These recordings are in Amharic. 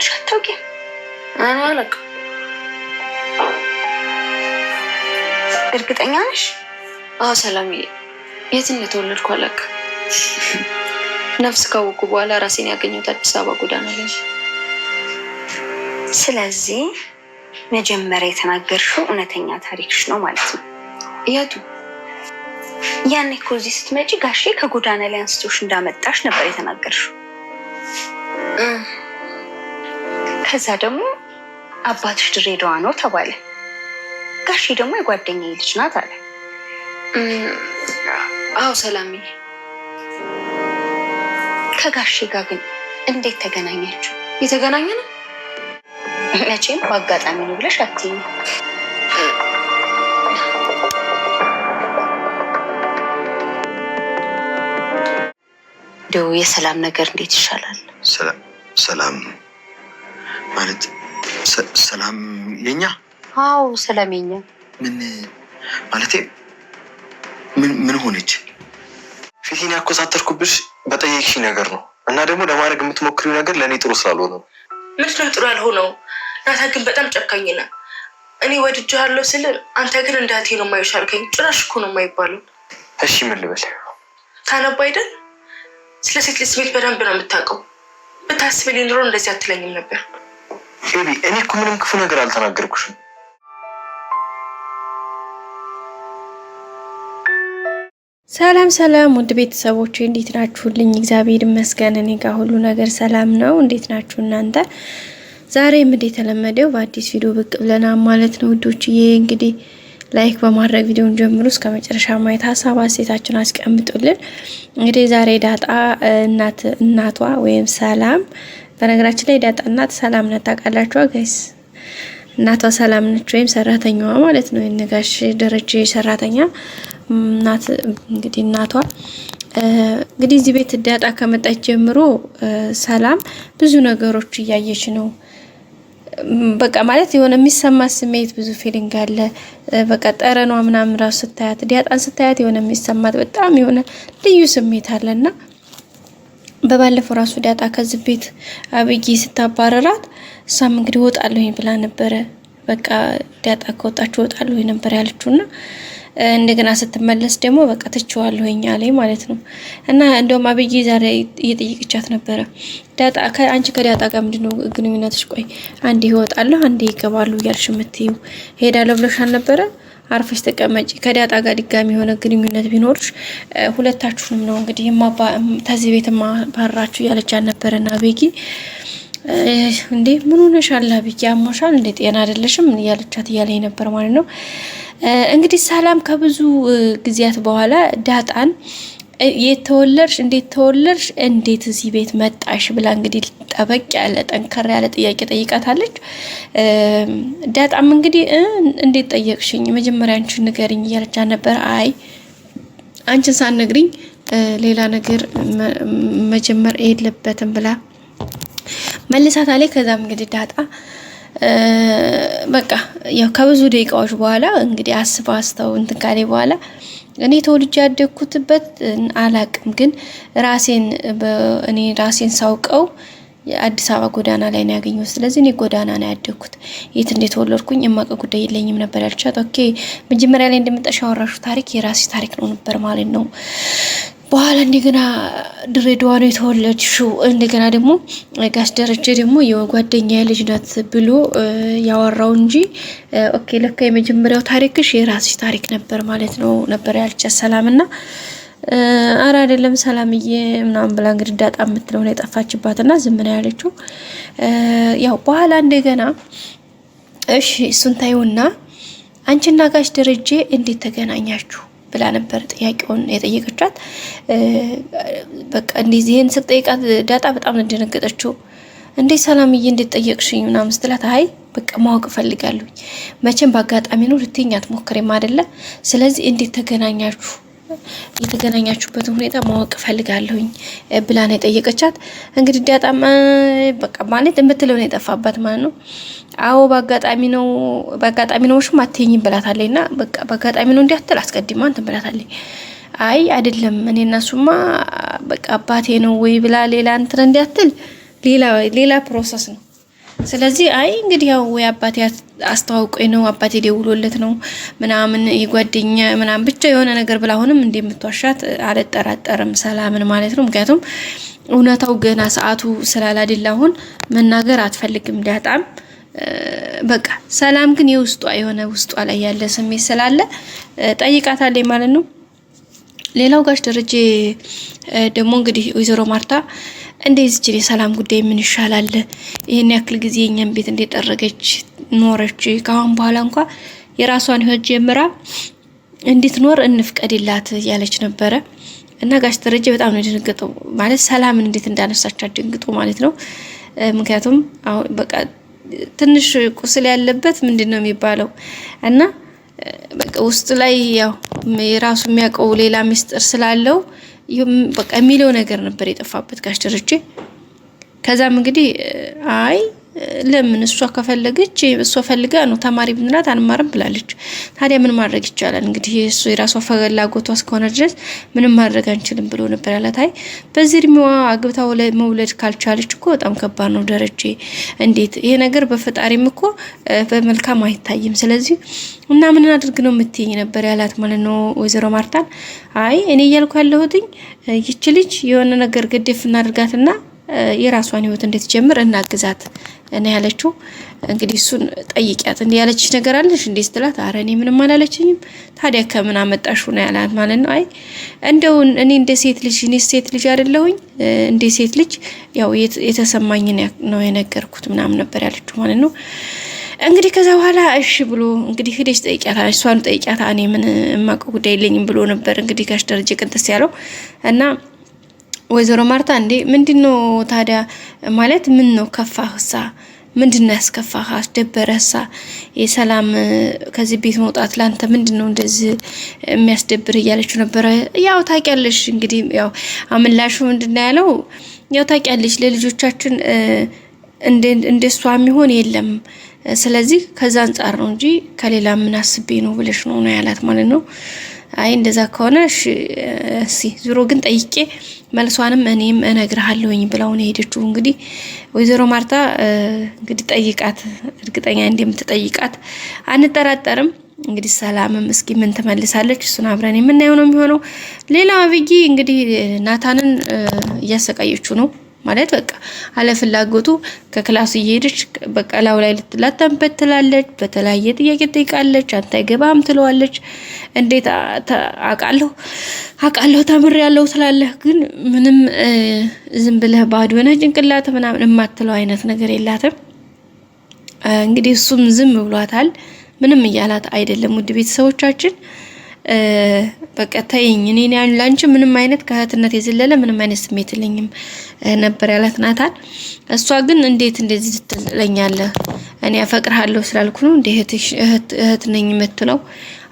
እንደወደድሽ አታውቂም? እኔ አላውቅም። እርግጠኛ ነሽ? አዎ ሰላምዬ፣ የት እንደተወለድኩ አላውቅም። ነፍስ ካወቁ በኋላ ራሴን ያገኘሁት አዲስ አበባ ጎዳና ላይ። ስለዚህ መጀመሪያ የተናገርሽው እውነተኛ ታሪክሽ ነው ማለት ነው። የቱ? ያኔ እኮ እዚህ ስትመጪ ጋሼ ከጎዳና ላይ አንስቶሽ እንዳመጣሽ ነበር የተናገርሽው። ከዛ ደግሞ አባትሽ ድሬዳዋ ነው ተባለ። ጋሼ ደግሞ የጓደኛዬ ልጅ ናት አለ። አዎ ሰላም። ከጋሼ ጋር ግን እንዴት ተገናኛችሁ? የተገናኘ ነው መቼም በአጋጣሚ ነው ብለሽ አትይኝ። እንደው የሰላም ነገር እንዴት ይሻላል? ሰላም ነው ማለት ሰላም የኛ? አዎ ሰላም የኛ። ምን ማለቴ ምን ሆነች? ፊቴን ያኮሳተርኩብሽ በጠየቅሽ ነገር ነው እና ደግሞ ለማድረግ የምትሞክሪው ነገር ለእኔ ጥሩ ስላልሆነ ነው። ጥሩ ያልሆነው ናታ ግን በጣም ጨካኝ ነህ። እኔ ወድጄሃለሁ ስልን አንተ ግን እንዳቴ ነው የማይሻ አልከኝ። ጭራሽ እኮ ነው የማይባለው። እሺ ምን ልበል? ታነባ አይደል? ስለ ሴት ልጅ ስሜት በደንብ ነው የምታውቀው። ብታስብ ኑሮ እንደዚህ አትለኝም ነበር። ሄቢ እኔ እኮ ምንም ክፉ ነገር አልተናገርኩሽም። ሰላም ሰላም፣ ውድ ቤተሰቦች እንዴት ናችሁልኝ? እግዚአብሔር ይመስገን እኔ ጋር ሁሉ ነገር ሰላም ነው። እንዴት ናችሁ እናንተ? ዛሬም እንደተለመደው በአዲስ ቪዲዮ ብቅ ብለናል ማለት ነው ውዶች። ይሄ እንግዲህ ላይክ በማድረግ ቪዲዮን ጀምሩ እስከ መጨረሻ ማየት፣ ሀሳብ አስተያየታችሁን አስቀምጡልን። እንግዲህ ዛሬ ዳጣ እናት እናቷ ወይም ሰላም በነገራችን ላይ ዳጣ እናት ሰላም ናት ታውቃላችኋ ጋይስ። እናቷ ሰላም ነች ወይም ሰራተኛዋ ማለት ነው። የነጋሽ ደረጀ ሰራተኛ እናት እንግዲህ እናቷ እንግዲህ እዚህ ቤት ዳጣ ከመጣች ጀምሮ ሰላም ብዙ ነገሮች እያየች ነው። በቃ ማለት የሆነ የሚሰማ ስሜት ብዙ ፊሊንግ አለ። በቃ ጠረኗ ምናምን ራሱ ስታያት ዳጣን ስታያት የሆነ የሚሰማት በጣም የሆነ ልዩ ስሜት አለና በባለፈው ራሱ ዳጣ ከዚህ ቤት አብይ ስታባረራት እሷም እንግዲህ ወጣለሁ ብላ ነበረ። በቃ ዳጣ ከወጣች ወጣለሁ ነበር ያለችውና እንደገና ስትመለስ ደግሞ በቃ ትችዋለሁኝ አለኝ ማለት ነው። እና እንደውም አብይ ዛሬ እየጠየቅቻት ነበረ። ዳጣ አንቺ ከዳጣ ጋር ምንድነው ግንኙነትሽ? ቆይ አንዴ ይወጣለሁ አንዴ ይገባሉ እያልሽ የምትይው ሄዳለሁ ብለሽ አልነበረ? አርፈሽ ተቀመጪ። ከዳጣ ጋር ድጋሚ የሆነ ግንኙነት ቢኖርሽ ሁለታችሁንም ነው እንግዲህ ተዚህ ቤት ማባራችሁ እያለች ያልነበረና ቤጊ እንዴ ምን ሆነሻል? አብዬ አሞሻል እንዴ? ጤና አይደለሽም? እያለቻት እያለ ነበር ማለት ነው። እንግዲህ ሰላም ከብዙ ጊዜያት በኋላ ዳጣን የት ተወለድሽ፣ እንዴት ተወለድሽ፣ እንዴት እዚህ ቤት መጣሽ ብላ እንግዲህ ጠበቅ ያለ ጠንከር ያለ ጥያቄ ጠይቃታለች። ዳጣም እንግዲህ እንዴት ጠየቅሽኝ፣ መጀመሪያ አንቺን ንገሪኝ እያለቻ ነበር። አይ አንቺን ሳትነግሪኝ ሌላ ነገር መጀመር የለበትም ብላ መልሳታ ላይ ከዛም እንግዲህ ዳጣ በቃ ያው ከብዙ ደቂቃዎች በኋላ እንግዲህ አስባ አስተው እንትን በኋላ እኔ ተወልጅ ያደግኩትበት አላቅም፣ ግን ራሴን እኔ ራሴን ሳውቀው የአዲስ አበባ ጎዳና ላይ ነው ያገኘሁት። ስለዚህ እኔ ጎዳና ነው ያደግኩት። የት ወለድኩኝ የማቀ ጉዳይ የለኝም ነበር ያልቻት። ኦኬ መጀመሪያ ላይ እንደምጠሻ ወራሹ ታሪክ የራሴ ታሪክ ነው ነበር ማለት ነው። በኋላ እንደገና ድሬዳዋ ነው የተወለድሽው፣ እንደገና ደግሞ ጋሽ ደረጀ ደግሞ የጓደኛ ልጅ ናት ብሎ ያወራው እንጂ ኦኬ፣ ለካ የመጀመሪያው ታሪክሽ የራስሽ ታሪክ ነበር ማለት ነው ነበር ያልቻት ሰላም እና አረ አይደለም ሰላምዬ ምናምን ብላ እንግዲህ ዳጣ የምትለው ነው የጠፋችባት እና ዝም ነው ያለችው። ያው በኋላ እንደገና እሺ እሱን ታዩና አንቺና ጋሽ ደረጀ እንዴት ተገናኛችሁ? ብላ ነበር ጥያቄውን የጠየቀቻት። በቃ እንደዚህን ስጠይቃት ዳጣ በጣም እንደነገጠችው ደነገጠችው። እንዴ ሰላምዬ እንዴት ጠየቅሽኝ ምናምን ስትላት አይ በቃ ማወቅ እፈልጋለሁ መቼም በአጋጣሚ ነው ልትይኝ አትሞክሬም አይደለ? ስለዚህ እንዴት ተገናኛችሁ የተገናኛችሁበትን ሁኔታ ማወቅ ፈልጋለሁኝ ብላ ነው የጠየቀቻት። እንግዲህ ዳጣም በቃ ማለት የምትለው ነው የጠፋባት ማለት ነው። አዎ በአጋጣሚ ነው በአጋጣሚ ነው ሽም አትይኝም ብላታለኝ። እና በቃ በአጋጣሚ ነው እንዲያትል አስቀድማ እንትን ብላታለኝ። አይ አይደለም እኔ እናሱማ በቃ አባቴ ነው ወይ ብላ ሌላ እንትን እንዲያትል ሌላ ሌላ ፕሮሰስ ነው ስለዚህ አይ እንግዲህ ያው ወይ አባቴ ነው አባቴ ደውሎለት ነው ምናምን የጓደኛ ምናምን ብቻ የሆነ ነገር ብላ አሁንም እንደምትዋሻት አልጠራጠርም፣ ሰላምን ማለት ነው። ምክንያቱም እውነታው ገና ሰዓቱ ስላላደላ አሁን መናገር አትፈልግም ዳጣም በቃ ሰላም ግን የውስጧ የሆነ ውስጧ ላይ ያለ ስሜት ስላለ ጠይቃታለች ማለት ነው። ሌላው ጋሽ ደረጀ ደግሞ እንግዲህ ወይዘሮ ማርታ እንዴት ዝችን የሰላም ጉዳይ ምን ይሻላል? ይህን ያክል ጊዜ የኛን ቤት እንደጠረገች ኖረች። ከአሁን በኋላ እንኳ የራሷን ህይወት ጀምራ እንድትኖር እንፍቀድላት እያለች ነበረ እና ጋሽ ደረጀ በጣም ነው የደነገጠው። ማለት ሰላምን እንዴት እንዳነሳች አደንግጦ ማለት ነው። ምክንያቱም አሁን በቃ ትንሽ ቁስል ያለበት ምንድን ነው የሚባለው እና በቃ ውስጡ ላይ ያው የራሱ የሚያውቀው ሌላ ሚስጥር ስላለው በቃ የሚለው ነገር ነበር የጠፋበት ጋሽ ደረጀ። ከዛም እንግዲህ አይ ለምን እሷ ከፈለገች እሷ ፈልጋ ነው ተማሪ ብንላት አንማርም ብላለች። ታዲያ ምን ማድረግ ይቻላል? እንግዲህ እሱ የራሷ ፍላጎቷ እስከሆነ ድረስ ምንም ማድረግ አንችልም ብሎ ነበር ያላት። አይ በዚህ እድሜዋ አግብታ መውለድ ካልቻለች እኮ በጣም ከባድ ነው ደረጀ። እንዴት ይሄ ነገር በፈጣሪም እኮ በመልካም አይታይም። ስለዚህ እና ምን አድርግ ነው የምትይኝ ነበር ያላት ማለት ነው ወይዘሮ ማርታን። አይ እኔ እያልኩ ያለሁትኝ ይች ልጅ የሆነ ነገር ገደፍ እናድርጋትና የራሷን ህይወት እንድትጀምር እናግዛት እና ያለችው እንግዲህ እሱን ጠይቂያት። እንዲህ ያለችሽ ነገር አለሽ እንዴ ስትላት፣ አረ እኔ ምንም አላለችኝም። ታዲያ ከምን አመጣሽ ነው ያላት ማለት ነው። አይ እንደው እኔ እንደ ሴት ልጅ እኔ ሴት ልጅ አይደለሁኝ እንደ ሴት ልጅ ያው የተሰማኝ ነው የነገርኩት ምናምን ነበር ያለችው ማለት ነው። እንግዲህ ከዛ በኋላ እሺ ብሎ እንግዲህ ሄደሽ ጠይቂያት፣ እሷን ጠይቂያት፣ እኔ ምን የማውቀው ጉዳይ የለኝም ብሎ ነበር እንግዲህ ጋሽ ደረጀ ቅንጥስ ያለው እና ወይዘሮ ማርታ እንዴ ምንድን ነው ታዲያ? ማለት ምን ነው ከፋህ? ምንድን ነው ያስከፋህ? አስደበረ የሰላም ከዚህ ቤት መውጣት ላንተ ምንድን ነው እንደዚህ የሚያስደብር? እያለችው ነበረ። ያው ታውቂያለሽ እንግዲህ ያው አምላሹ ምንድን ነው ያለው? ያው ታውቂያለሽ ለልጆቻችን እንደ እሷ የሚሆን የለም። ስለዚህ ከዛ አንጻር ነው እንጂ ከሌላ ምን አስቤ ነው ብለሽ ነው ነው ያላት ማለት ነው። አይ እንደዛ ከሆነ እሺ ግን ጠይቄ መልሷንም እኔም እነግርሃለሁኝ ብለው ነው የሄደችው። እንግዲህ ወይዘሮ ማርታ እንግዲህ ጠይቃት፣ እርግጠኛ እንደምትጠይቃት አንጠራጠርም። እንግዲህ ሰላምም እስኪ ምን ትመልሳለች? እሱን አብረን የምናየው ነው የሚሆነው። ሌላ አብይ እንግዲህ ናታንን እያሰቃየችው ነው ማለት በቃ አለፍላጎቱ ከክላሱ እየሄደች በቃ ላው ላይ ልትላተንበት ትላለች። በተለያየ ጥያቄ ትጠይቃለች። አንተ ገባም ትለዋለች። እንዴት አውቃለሁ አውቃለሁ ያለው ትላለህ። ግን ምንም ዝም ብለህ ባዶ ነህ ጭንቅላት ምናምን የማትለው አይነት ነገር የላትም። እንግዲህ እሱም ዝም ብሏታል። ምንም እያላት አይደለም። ውድ ቤተሰቦቻችን በቃ ተይኝ፣ ያን ላንቺ ምንም አይነት ከእህትነት የዘለለ ምንም አይነት ስሜት የለኝም ነበር ያላት ናታል። እሷ ግን እንዴት እንደዚህ ትለኛለህ? እኔ አፈቅርሃለሁ ስላልኩ ነው እንደ እህት ነኝ የምትለው?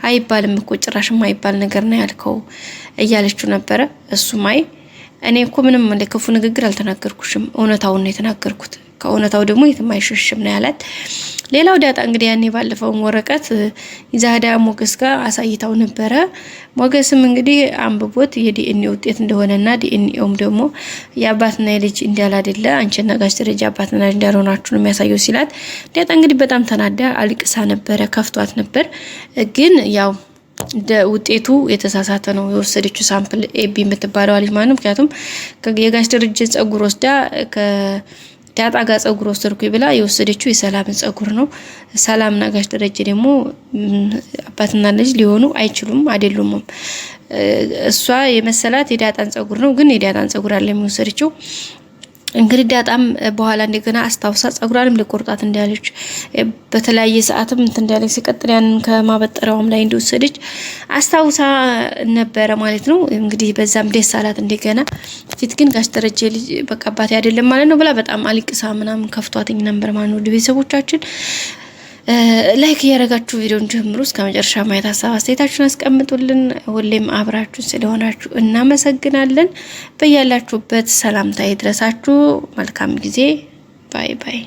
አይባልም እኮ ጭራሽም አይባል ነገር ነው ያልከው እያለችው ነበረ። እሱም አይ እኔ እኮ ምንም ክፉ ንግግር አልተናገርኩሽም፣ እውነታውን ነው የተናገርኩት ከእውነታው ደግሞ የትም አይሸሽም ነው ያላት። ሌላው ዳጣ እንግዲህ ያኔ ባለፈውን ወረቀት ይዛ ሞገስ ጋር አሳይታው ነበረ። ሞገስም እንግዲህ አንብቦት የዲኤንኤ ውጤት እንደሆነና ዲኤንኤውም ደግሞ የአባትና የልጅ እንዳል አደለ አንቺና ጋሽ ደረጃ አባትና ልጅ እንዳልሆናችሁ ነው የሚያሳየው ሲላት፣ ዳጣ እንግዲህ በጣም ተናዳ አልቅሳ ነበረ፣ ከፍቷት ነበር። ግን ያው ውጤቱ የተሳሳተ ነው የወሰደችው ሳምፕል ኤቢ የምትባለው ልጅ ማለት ነው። ምክንያቱም የጋሽ ደረጀን ጸጉር ወስዳ ዳጣ ጸጉር ወሰድኩኝ ብላ የወሰደችው የሰላምን ጸጉር ነው። ሰላም ጋሽ ደረጀ ደግሞ አባትና ልጅ ሊሆኑ አይችሉም አይደሉም። እሷ የመሰላት የዳጣን ጸጉር ነው፣ ግን የዳጣን ጸጉር አለ የሚወሰደችው እንግዲህ ዳጣም በኋላ እንደገና አስታውሳ ጸጉሯንም ልቆርጣት እንዳለች በተለያየ ሰዓትም እንትን እንዳለች ሲቀጥል ያንን ከማበጠሪያውም ላይ እንደወሰደች አስታውሳ ነበረ ማለት ነው። እንግዲህ በዛም ደስ አላት እንደገና። ፊት ግን ጋሽ ደረጀ ልጅ በቃ አባቴ አይደለም ማለት ነው ብላ በጣም አልቅሳ ምናምን ከፍቷትኝ ነበር ማለት ነው ቤተሰቦቻችን ላይክ እያደረጋችሁ ቪዲዮን ጀምሩ እስከ መጨረሻ ማየት፣ ሀሳብ አስተያየታችሁን አስቀምጡልን። ሁሌም አብራችሁ ስለሆናችሁ እናመሰግናለን። በያላችሁበት ሰላምታ ይድረሳችሁ። መልካም ጊዜ። ባይ ባይ።